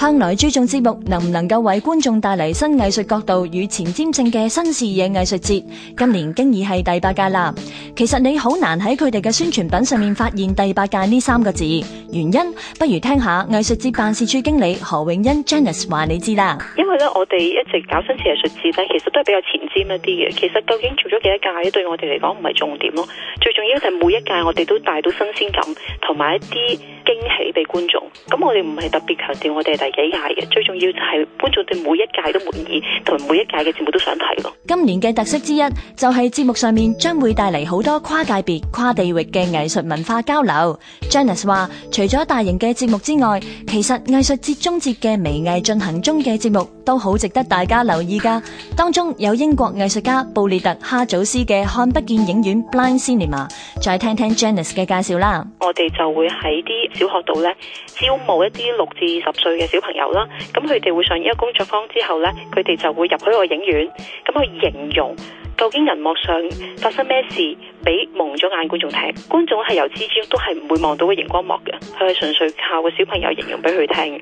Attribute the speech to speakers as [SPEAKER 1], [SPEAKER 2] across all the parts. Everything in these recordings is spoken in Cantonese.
[SPEAKER 1] 向來注重節目能唔能夠為觀眾帶嚟新藝術角度與前瞻性嘅新視野藝術節，今年經已係第八屆啦。其實你好難喺佢哋嘅宣傳品上面發現第八屆呢三個字，原因不如聽下藝術節辦事處經理何永欣 Janice 話你知啦。
[SPEAKER 2] 因為咧，我哋一直搞新前藝術節，其實都係比較前瞻一啲嘅。其實究竟做咗幾多屆，對我哋嚟講唔係重點咯。最重要就係每一屆我哋都帶到新鮮感同埋一啲驚喜俾觀眾。咁我哋唔係特別強調我哋第。幾屆嘅，最重要就係觀眾對每一屆都滿意，同埋每一屆嘅節目都想睇咯。
[SPEAKER 1] 今年嘅特色之一就係節目上面將會帶嚟好多跨界別、跨地域嘅藝術文化交流。Janice 話，除咗大型嘅節目之外，其實藝術節中節嘅微藝進行中嘅節目都好值得大家留意噶。當中有英國藝術家布列特哈祖斯嘅看不見影院 Blind Cinema，再聽聽 Janice 嘅介紹啦。
[SPEAKER 2] 我哋就會喺啲小學度呢，招募一啲六至十歲嘅小朋友啦，咁佢哋會上一個工作坊，之後呢，佢哋就會入去個影院，咁去形容究竟銀幕上發生咩事，俾蒙咗眼觀眾聽。觀眾係由始至終都係唔會望到個熒光幕嘅，佢係純粹靠個小朋友形容俾佢聽。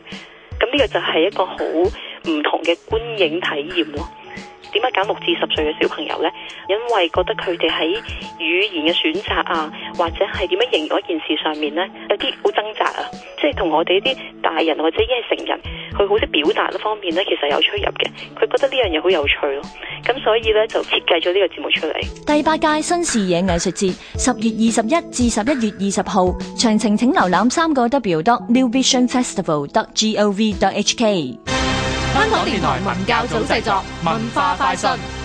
[SPEAKER 2] 咁呢個就係一個好唔同嘅觀影體驗咯。點解揀六至十歲嘅小朋友呢？因為覺得佢哋喺語言嘅選擇啊，或者係點樣形容一件事上面呢，有啲好掙扎啊，即係同我哋啲。大人或者已經係成人，佢好識表達嘅方面咧，其實有出入嘅。佢覺得呢樣嘢好有趣咯，咁所以咧就設計咗呢個節目出嚟。
[SPEAKER 1] 第八屆新視野藝術節，十月二十一至十一月二十號，詳情請瀏覽三個 w dot new vision festival dot gov dot hk。香
[SPEAKER 2] 港電台文教組製作，文化快訊。